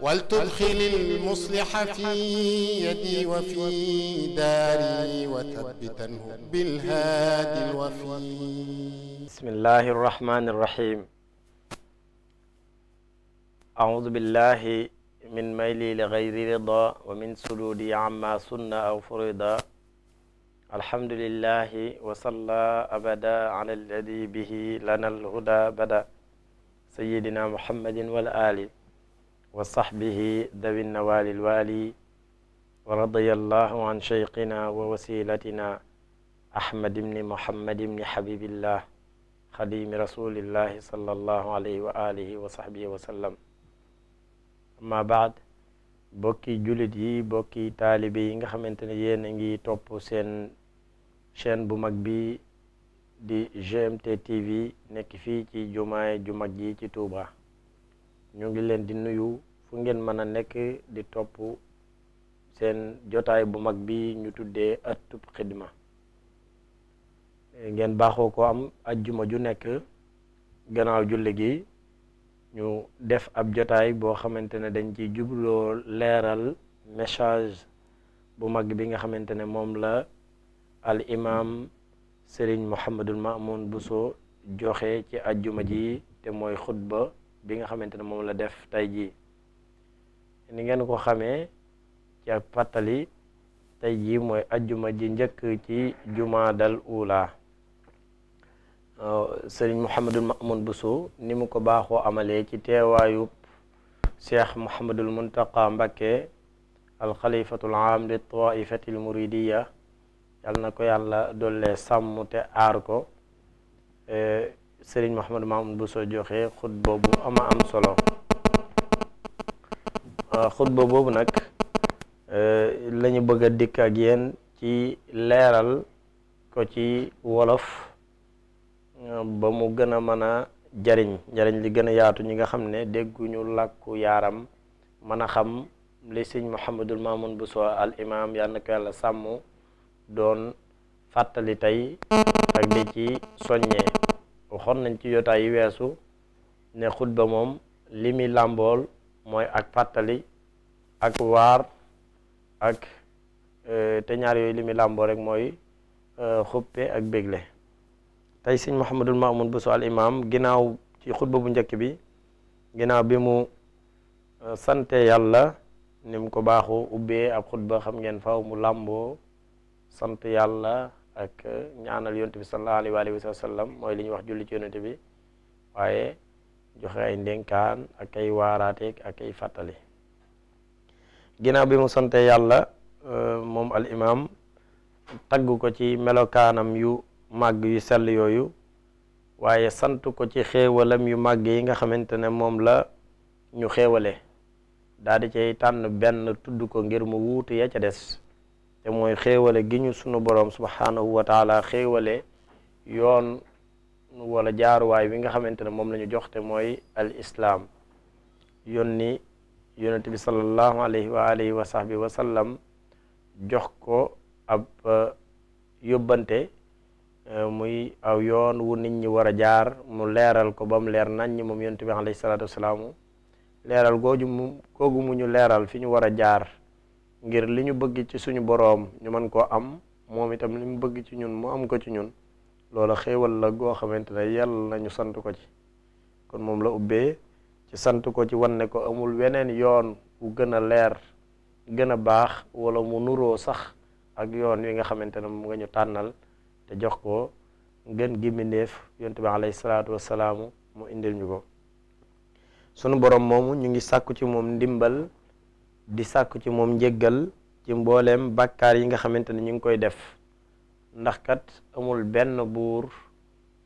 ولتدخل المصلح في يدي وفي داري وثبته بالهادي الوفي بسم الله الرحمن الرحيم أعوذ بالله من ميلي لغير رضا ومن سلودي عما سن أو فرضا الحمد لله وصلى أبدا على الذي به لنا الهدى بدا سيدنا محمد والآل wa saxbihi dawi nawaali lwaali wa radiya allahu an cheyqina wa muhammad ibni habibillah xadimi rasulillahi sallallahu alayhi wa alihi wa sahbihi wa sallam amma baad bokki jullit yi bokki taalibe yi nga xamante ne yéen a ngi topp seen chaîne bu mag bi di GMT TV nekk fii ci jumaay ju mag ji ci Touba ñu ngi leen di nuyu fu ngeen mën a nekk di topp seen jotaay bu mag bii ñu tuddee ëttub xidma ngeen baaxoo ko am ajjuma ju nekk gannaaw julli gi ñu def ab jotaay boo xamante ne dañ ci jubloo leeral message bu mag bi nga xamante ne moom la al imam Serigne Mouhamadul bu soo joxe ci ajjuma ji te mooy xutba bi nga xamante ne moom la def tey jii ni ngeen ko xamee ci ak fàttali tey jii mooy ajjuma ji njëkk ci jumaadal uula euh, sëriñ Mouhamadul Mamoun Bousso ni mu ko baaxoo amalee ci teewaayu cheikh Mouhamadul Muntaqa Mbakke alxalifatul aam li taifatil muridiya yàlla na ko yàlla dollee sàmm te aar ko euh, sëriñ Mouhamadul Mamoun Bousso joxe xut boobu ama am solo Euh, xutba boobu nag euh, la ñu bëgg a dikk ak yéen ci leeral ko ci wolof euh, ba mu gën a mën a jariñ jariñ li gën a yaatu ñi nga xam ne dégguñu làkku yaaram mën a xam li sëñ Mouhamadul Mamoun Bousso al imam yal na ko yàlla sàmm doon fàttali tey ak di ci soññee waxoon nañ ci yotaay yi weesu ne xutba moom li làmbool mooy ak fàttali ak waar ak e, te ñaar yooyu li muy làmboo rek mooy e, xuppe ak bégle tey sëñ Mouhamadul Mamoun Bousso al ginnaaw ci xutba bu njëkk bi ginnaaw bi mu e, sante yàlla ni mu ko baaxoo ubbee ab xutba xam ngeen faw mu làmboo sant yàlla ak ñaanal yonent bi sallallahu alayhi wa sallam mooy li ñuy wax julli ci yonent bi waaye joxe ay ndénkaan ak ay waaraateeg ak ay fàttali ginnaaw bi mu sante yàlla euh, moom al imam tagg ko ci melokaanam yu màgg yu sell yooyu waaye sant ko ci xéewalam yu màgg yi nga xamante ne moom la ñu xéewale daal di cay tànn benn tudd ko ngir mu wuutu ya ca des te mooy xéewale gi ñu sunu boroom subhanahu wa taala xéewale yoon wala jaaruwaay wi nga xamante ne moom lañu joxte mooy al yoon ni yonent bi sallallahu alayhi wa alihi wa sahbi wa sallam jox ko ab uh, yóbbante uh, muy aw yoon wu nit ñi war a jaar mu leeral ko ba mu leer naññ moom yonent bi alayhi salaatu wasalaamu leeral fi ñu war a jaar ngir li ñu bëgg ci suñu boroom ñu mën koo am moom itam li mu bëgg ci ñun mu am ko ci ñun loolu xéewal la goo xamante ne yàlla nañu sant ko ci kon moom la ubbee ci sant ko ci wan ne ko amul weneen yoon wu gën a leer gën a baax wala mu nuroo sax ak yoon wi nga xamante ne mu nga ñu tànnal te jox ko gën gi mbindéef yonte bi alayhi salaatu wasalaamu ñu ko sunu borom moomu ñu ngi sàkku ci moom ndimbal di sàkku ci moom njëggal ci mbooleem bakkaar yi nga xamante ne ñu ngi koy def ndax kat amul benn buur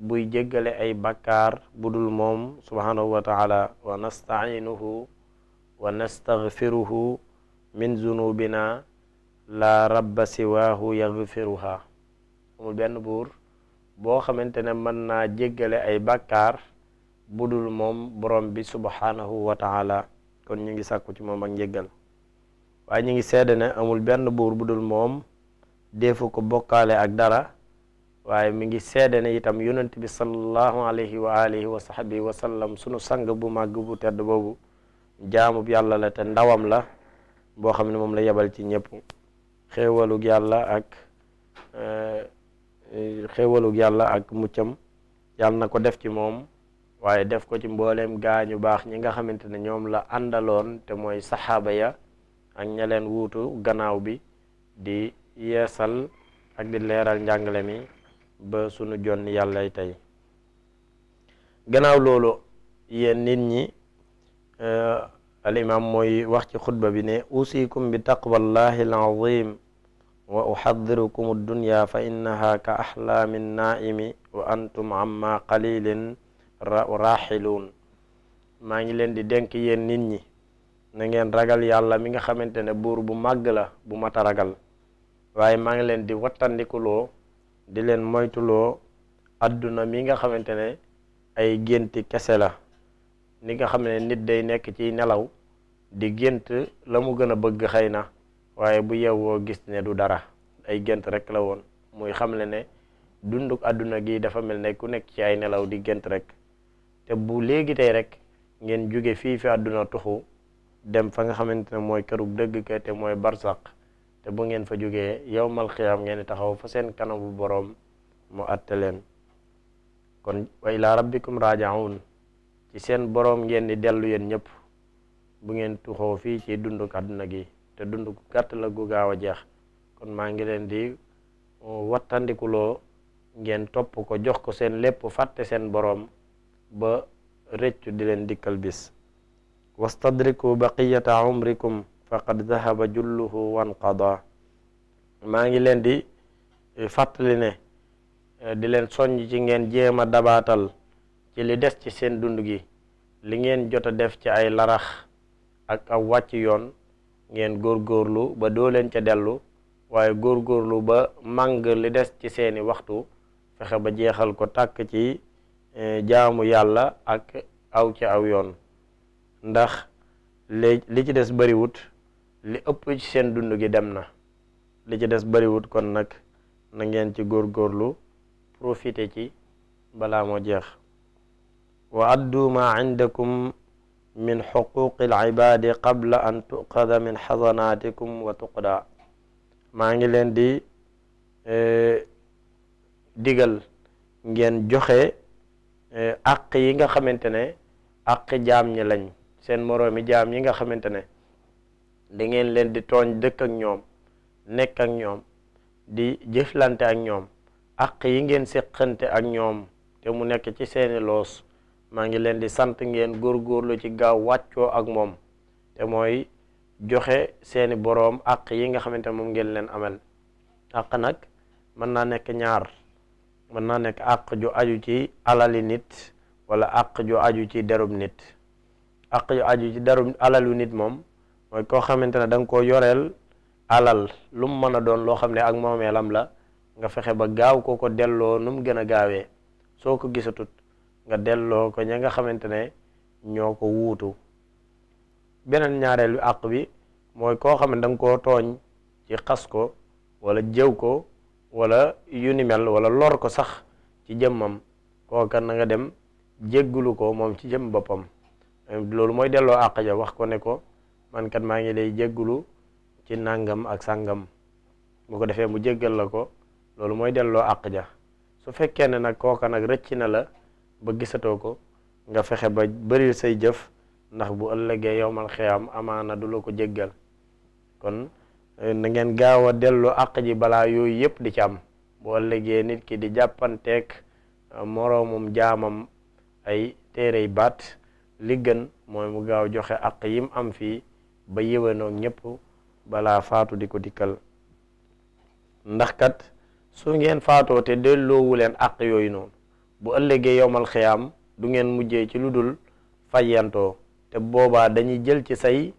buy jéggale ay bakkaar bu dul moom subhaanahu wa taala wa nastainuhu wa nastagfiruhu min zunubina la rabba siwaahu yagfiruha amul benn buur boo xamante ne mën naa jéggale ay bakkaar bu dul moom borom bi subhaanahu wa kon ñu ngi sàkku ci moom ak njéggal waaye ñu ngi seede ne amul benn buur bu dul moom deefu ko bokkaale ak dara waaye mi ngi seede ne itam yonent bi sallallahu alayhi wa alihi wa sahbihi wa sallam sunu sang bu màgg bu tedd boobu jaamub yàlla la te ndawam la boo xam ne moom la yebal ci ñëpp xéewalug yàlla ak eh, xéewalug yàlla ak muccam yàlla na ko def ci moom waaye def ko ci mbooleem gaañu baax ñi nga xamante ne ñoom la àndaloon te mooy saxaaba ya ak ña wuutu gannaaw bi di yeesal ak di leeral njàngale mi ba sunu jonn yàllay tey gannaaw loolu yéen nit ñi eh, al imam mooy wax ci xutba bi ne usikum bi taqwallahi al azim wa uxadirukum addunya fa innaha ka axlaami naaimi wa antum amma qalilin raxiluun maa ngi leen di dénk yéen nit ñi na ngeen ragal yàlla mi nga xamante ne buur bu màgg bu mat a ragal waaye maa ngi leen di wattandikuloo di leen moytuloo àdduna mi nga xamante ne ay génti kese la ni nga xam ne nit day nekk ci nelaw di gént la mu gën a bëgg xëy na waaye bu yewwoo gis ne du dara ay gént rek la woon muy xamle ne dunduk àdduna gi dafa mel ne ku nekk ci ay nelaw di gént rek te bu léegi tey rek ngeen jóge fii fi àdduna tuxu dem fa nga xamante ne mooy kërug dëgg ka te mooy barsaq te bu ngeen fa jógee yowmal xiyaam ngeen taxaw fa seen kanamu boroom mu àtte leen kon wa ilaa rabbikum raaji'uun ci seen boroom ngeen di dellu yéen ñëpp bu ngeen tuuxoo fii ci dundu àdduna gi te dund gu gàtt la gu gaaw a jeex kon maa ngi leen di uh, wattandikuloo ngeen topp ko jox ko seen lépp fàtte seen boroom ba rëccu di leen dikkal bis wastadriku baqiyata umrikum faqad dahaba julluhu wanqada maa ngi leen di eh, fàttali ne eh, di leen soññ ci ngeen jéem a dabaatal ci li des ci seen dund gi li ngeen jot a def ci ay larax ak aw wàcc yoon ngeen góor góorlu ba doo leen ca dellu waaye góor góorlu ba màng li des ci seeni waxtu fexe ba jeexal ko tàkk ci eh, jaamu yàlla ak aw ci aw yoon ndax li ci des bariwut li ëpp ci seen dund gi dem na li ci des bariwut kon nag na ngeen ci góorgóorlu profité ci balaa moo jeex wa addu ma indakum min xuquqi alcibaadi qabla an tuqada min xasanaatikum wa tuqda maa ngi leen di e, digal ngeen joxe aq e, yi nga xamante ne aq jaam ñi lañ seen moroomi jaam yi nga xamante ne da ngeen leen di tooñ dëkk ak ñoom nekk ak ñoom di jëflante ak ñoom àq yi ngeen séqante ak ñoom te mu nekk ci seeni loos maa ngi leen di sant ngeen góor góorlu ci gaaw wàccoo ak moom te mooy joxe seeni boroom àq yi nga xamante moom ngeen leen amel àq nag mën naa nekk ñaar mën naa nekk àq ju aju ci alali nit wala àq ju aju ci derub nit àq ju aju ci derub alalu nit moom mooy koo xamante ne da nga koo yoreel alal lu mu mën a doon loo xam ne ak moomeelam la nga fexe ba gaaw koo ko delloo nu mu gën a gaawee soo ko gisatut nga delloo ko ña nga xamante ne ñoo ko wuutu beneen ñaareel bi àq bi mooy koo xam ne da nga tooñ ci xas ko wala jëw ko wala yu mel wala lor ko sax ci jëmmam kooka na nga dem jéggulu ko moom ci jëm boppam loolu mooy delloo àq ja wax ko ne ko man kat maa ngi day jéggulu ci nàngam ak sàngam bu ko defee mu jéggal la ko loolu mooy delloo àq ja su fekkee ne nag kooka nag rëcc na la ba gisatoo ko nga fexe ba bëril say jëf ndax bu ëllëgee yowmal xiyaam amaana du la ko jéggal kon eh, na ngeen gaaw a delloo àq ji balaa yooyu yëpp di ci am bu ëllëgee nit ki di jàppanteeg eh, moroomum jaamam ay téere téerey baat li gën mooy mu gaaw joxe àq yim am fii ba yéwénoom ñëpp balaa faatu di ko dikkal ndax kat su ngeen faatoo te delloowu leen àq yooyu noonu bu ëllëgee yowmal xiyaam du ngeen mujjee ci lu dul fayantoo te boobaa dañuy jël ci say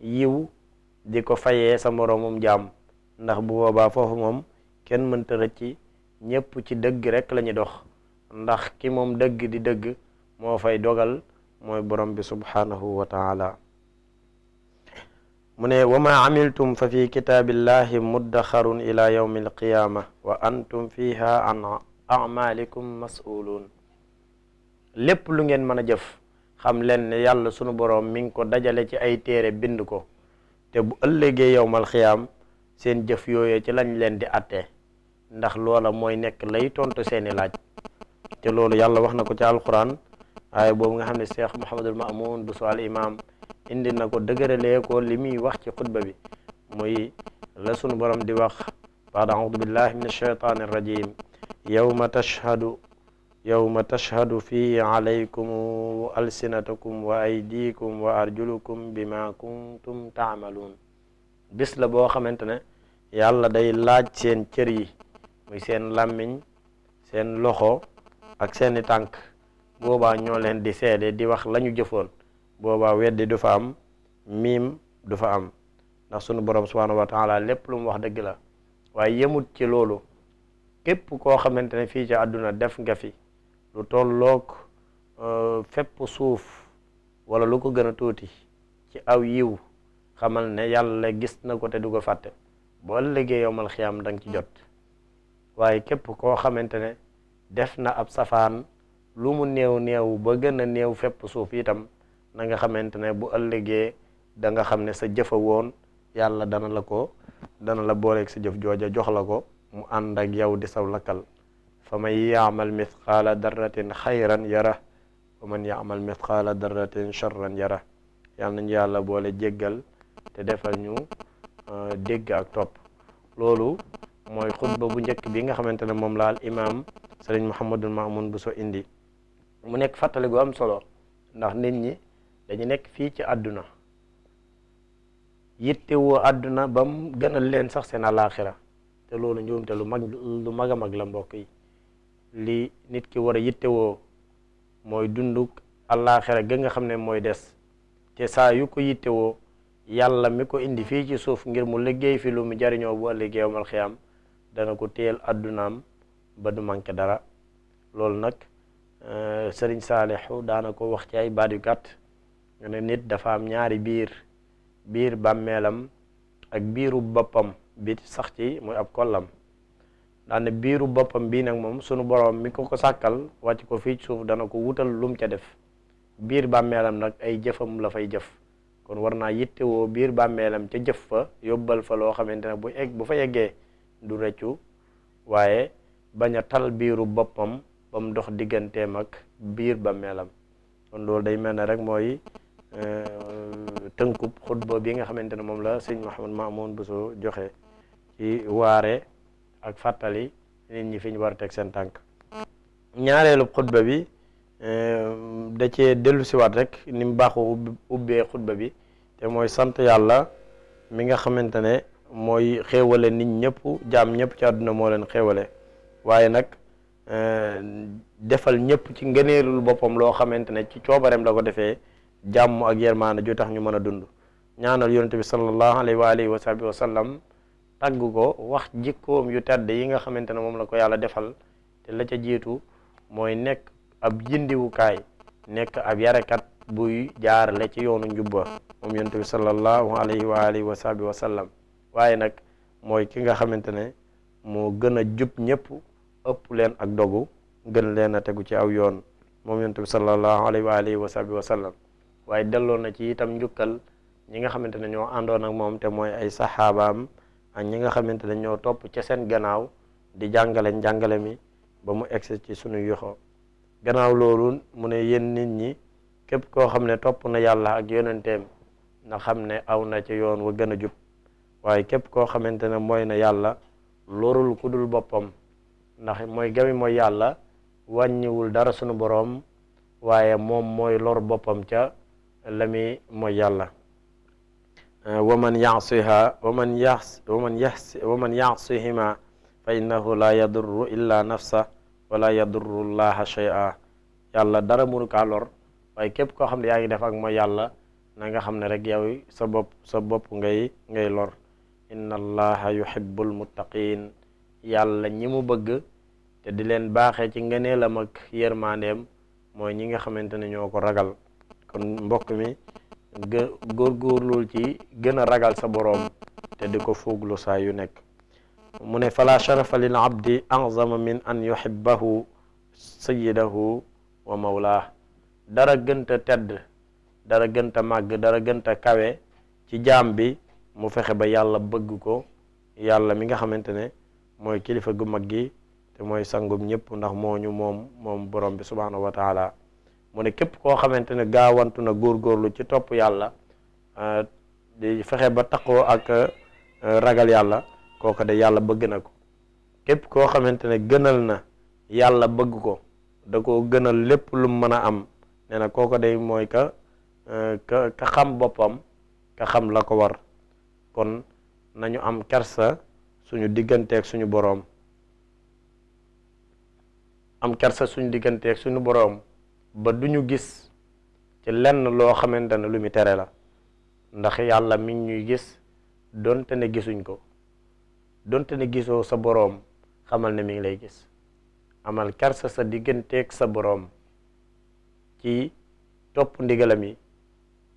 yiw di ko fayee sa moroomum jaam ndax bu boobaa foofu moom kenn mënta rëcc ñépp ci dëgg rekk lañuy dox ndax ki moom dëgg di dëgg moo fay dogal mooy borom bi subhaanahu wa taala mu ne wa ma amiltum fa fi kitaabillahi muddaxarun ila yawmi alqiyaama wa antum fiha an amalikum mas'uluun lépp lu ngeen mën a jëf xam leen ne yàlla sunu boroom mi ngi ko dajale ci ay téere bind ko te bu ëllëgee yowmal xiyaam seen jëf yooyee ci lañ leen di atte ndax loola mooy nekk lay tontu seeni laaj te loolu yàlla wax na ko ci alquran waaye boobu nga xam ne cheikh Mouhamadul Mamoun bu su al indi na ko dëgëralee ko li muy wax ci xutba bi muy la sunu borom di wax baad audu billahi min alshaytani arrajim yowma tashhadu yowma tashhadu fii alaykum alsinatakum wa aydikum wa arjulukum bima kuntum taamaluun bis la boo xamante ne yàlla day laaj seen cër yi muy seen làmmiñ seen loxo ak seeni tànk boobaa ñoo leen di seede di wax lañu jëfoon boobaa weddi du fa am miim du fa am ndax sunu borom subhaanahu wa taala lépp lu mu wax dëgg la waaye yemut ci loolu képp koo xamante ne fii ci àdduna def nga fi lu tollook euh, fépp suuf wala lu ko gën a tuuti ci aw yiw xamal ne yàlla gis na ko te du ko fàtte boo ëllëgee yowmal xiyaam am nga ci jot waaye képp koo xamante ne def na ab safaan lu mu néew néew ba gën a néew fépp suuf itam na nga xamante ne bu ëllëgee danga xam ne sa jëfa woon yàlla dana la ko dana la booleeg sa jëf jooja jox la ko mu ànd ak yow di saw lakkal fa man yaamal mithqaala darratin xayran yara wa man yaamal mithqaala darratin charran yara yàlla nañu yàlla boole jéggal te defar ñu euh, dégg ak topp loolu mooy xutba bu njëkk bi nga xamante ne moom laal imaam sëriñ ma Mamoun bu so indi mu nekk fàttali gu am solo ndax nit ñi dañu nekk fii ci àdduna yittewoo àdduna ba mu gënal leen sax seen alaaxira te loolu njuumte lu mag lu mag a mag la mbokk yi li nit ki war a yittewoo mooy dunduk alaaxira ga nga xam ne mooy des te saa yu ko yittewoo yàlla mi ko indi fii ci suuf ngir mu liggéey fii lu mu jariñoo bu ëllëgee yawmal xiyaam dana ko téyel àddunaam ba du manqué dara loolu nag euh, sëriñ Saalixu daana ko wax ci ay baat yu gàtt ñu nit dafa am ñaari biir biir bàmmeelam ak biiru boppam bi sax ci muy ab kollam daane biiru boppam bii nag moom sunu borom mi ko ko sàkkal wàcc ko fii ci suuf dana ko wutal lum ca def biir bàmmeelam nag ay jëfam la fay jëf kon war naa yittewoo biir bàmmeelam ca jëf fa yóbbal fa loo xamante ne bu egg bu fa yeggee du rëccu waaye bañ a tal biiru boppam ba mu dox digganteem ak biir bàmmeelam kon loolu day mel ne rek mooy Euh, tënkub xutba bi nga xamante ne moom la sëñ Mouhamed Mamoun Bousso joxe ci waare ak fàttali nit ñi fi ñu war a teg seen tànk ñaareelu xutba bi euh, da cee dellu siwaat rek ni mu baaxu ubbee xutba bi te mooy sant yàlla mi nga xamante ne mooy xewale nit ñëpp jaam ñëpp ci àdduna moo leen xéewale waaye nag euh, defal ñëpp ci ngëneelul boppam loo xamante ne ci coobareem la ko defee jàmm ak yermaana ju tax ñu mën a dund ñaanal yonente bi sallallahu alayhi wa alihi wa sahbihi sallam tagg ko wax jikkoom yu tedd yi nga xamante ne moom la ko yàlla defal te la ca jiitu mooy nekk ab jindiwukaay nekk ab yarekat buy jaarale ci yoonu njubba moom yonente bi sallallahu alayhi wa alihi wa sahbihi wa sallam waaye nag mooy ki nga xamante ne moo gën a jub ñëpp ëpp leen ak dogu gën leen a tegu ci aw yoon moom yonente bi sallallahu alayhi wa alihi wa sahbihi wa sallam waaye delloo na ci itam njukkal ñi nga xamante ne ñoo àndoon ak moom te mooy ay saxaabaam ak ñi nga xamante ne ñoo topp ca seen gannaaw di jàngale njàngale mi ba mu egsi ci sunu yoxo gannaaw loolu mu ne yéen nit ñi képp koo xam ne topp na yàlla ak yonenteem na xam ne aw na ca yoon wa gën a jub waaye képp koo xamante ne mooy na yàlla lorul ku dul boppam ndax mooy gami mooy yàlla wàññiwul dara sunu boroom waaye moom mooy lor boppam ca la muy mooy yàlla euh, wa man yasiha wa man yas wa man yas wa man yasihima fa innahu la yadurru illa nafsa wala yadurru llaha shay'a yàlla dara mënu kaa lor waaye képp koo xam ne yaa ngi def ak mooy yàlla na nga xam ne rek yow sa bopp sa bopp ngay ngay lor inna allaha yuhibbul muttaqin yàlla ñi mu bëgg te di leen baaxee ci ngëneelam ak yërmandeem mooy ñi nga xamante ne ñoo ko ragal kon mbokk mi gë góorgóorlul ci gën a ragal sa boroom te di ko fooglu saa yu nekk mu ne fala sharafa lil abdi a'zama min an yuhibbahu sayyidahu wa mawlaah dara gënta tedd dara gënta màgg dara gënta kawe ci jaam bi mu fexe ba yàlla bëgg ko yàlla mi nga xamante ne mooy kilifa gu mag gi te mooy sangum ñëpp ndax moo ñu moom moom borom bi subhaanahu wa taala mu ne képp koo xamante ne gaawantu na góor góorgóorlu ci topp yàlla euh, di fexe ba taqoo ak euh, ragal yàlla kooko de yàlla bëgg na ko képp koo xamante ne gënal na yàlla bëgg ko da koo gënal lépp lu mën a am nee na kooku de mooy euh, ka ka xam boppam ka xam la ko war kon nañu am kersa suñu digganteeg suñu boroom am kersa suñu digganteeg suñu boroom ba du ñu gis ci lenn loo xamante ne lu mu tere la ndax yàlla mi ngi ñuy gis donte ne gisuñ ko donte ne gisoo sa boroom xamal na mi ngi lay gis amal kersa sa digganteeg sa boroom ci topp ndigalam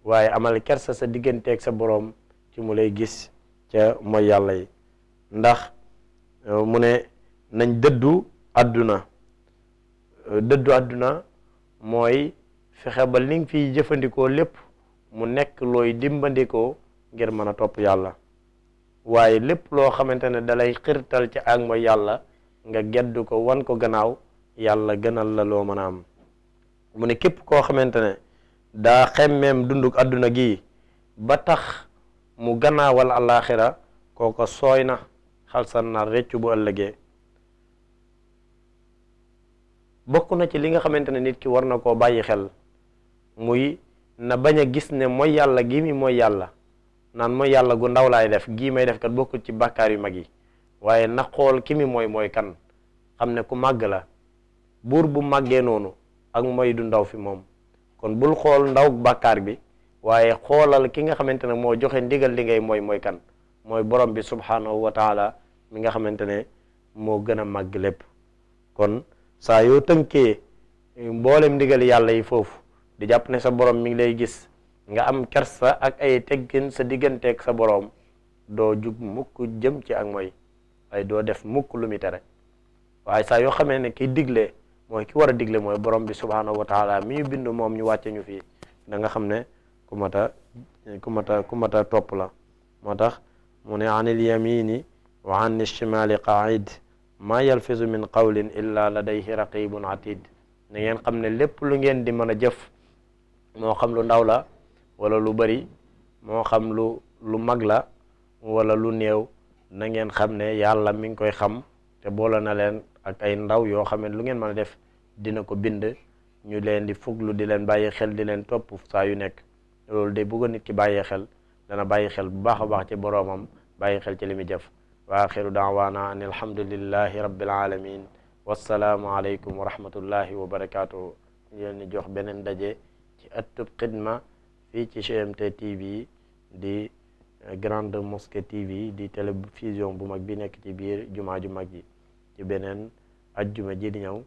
waaye amal kersa sa digganteeg sa boroom ci mu lay gis ca mooy yàlla yi ndax eh, mu ne nañ dëddu àdduna eh, dëddu àdduna mooy fexe ba li fiy jëfandikoo lépp mu nekk looy dimbandikoo ngir mën a topp yàlla waaye lépp loo xamante ne dalay xirtal ci ak mooy yàlla nga geddu ko wan ko gannaaw yàlla gënal la loo mën a am mu ne képp koo xamante ne daa xemmeem dunduk àdduna gi ba tax mu gannaawal àllaaxira kooko sooy na xalsan na reccu bu ëllëgee bokk na ci li nga xamante ne nit ki war na koo bàyyi xel muy na bañ a gis ne mooy yàlla gi mi mooy yàlla naan mooy yàlla gu ndaw laay def gii may def kat bokkul ci bàkkaar yu mag yi waaye na xool ki mi mooy mooy kan xam ne ku màgg la buur bu màggee noonu ak mooy du ndaw fi moom kon bul xool ndaw bàkkaar bi waaye xoolal ki nga xamante ne moo joxe ndigal li ngay mooy mooy kan mooy borom bi subhanahu wa taala mi nga xamante ne moo gën a màgg lépp kon saa yoo tënkee eh, mboolem ndigal yàlla yi foofu di jàpp ne sa borom mi ngi lay gis nga am sa ak ay teggin sa diggante ak sa boroom doo jug mukk jëm ci ak mooy waaye doo def mukk lu muy tere waaye saa yoo xamee ne kiy digle mooy ki war a digle mooy borom bi subhaanahu wa taala mi ñu bind moom ñu wàcce ñu fii da nga xam ne ku mata ku mata ku mata topp la moo tax mu ne an yamini wa an shimali qaid maa yalfizu min qawlin illa ladayhi raqibun atid na ngeen xam ne lépp lu ngeen di mën a jëf moo xam lu ndaw la wala lu bari moo xam lu lu mag la wala lu néew na ngeen xam ne yàlla mi ngi koy xam te boole na leen ak ay ndaw yoo xam ne lu ngeen mën a def dina ko bind ñu leen di fuglu di leen bàyyi xel di leen topp saa yu nekk loolu de bu ko nit ki bàyyee xel dana bàyyi xel bu baax a baax ci boroomam bàyyi xel ci li muy jëf wa axiru daawaana an alhamdulillahi rabbil alamin wassalaamu aleykum wa rahmatullahi wa barakatuhu ñu leen di jox beneen daje ci ëttub xidma fii ci GMT TV di euh, Grande Mosquée TV di télévision bu mag bi nekk ci biir jumaa ju mag ji ci beneen ajjuma ji di ñëw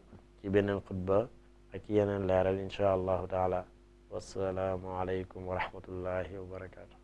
ci beneen xutba ak yeneen leeral incha allahu taala wassalaamu aleykum wa rahmatullahi wa barakatuh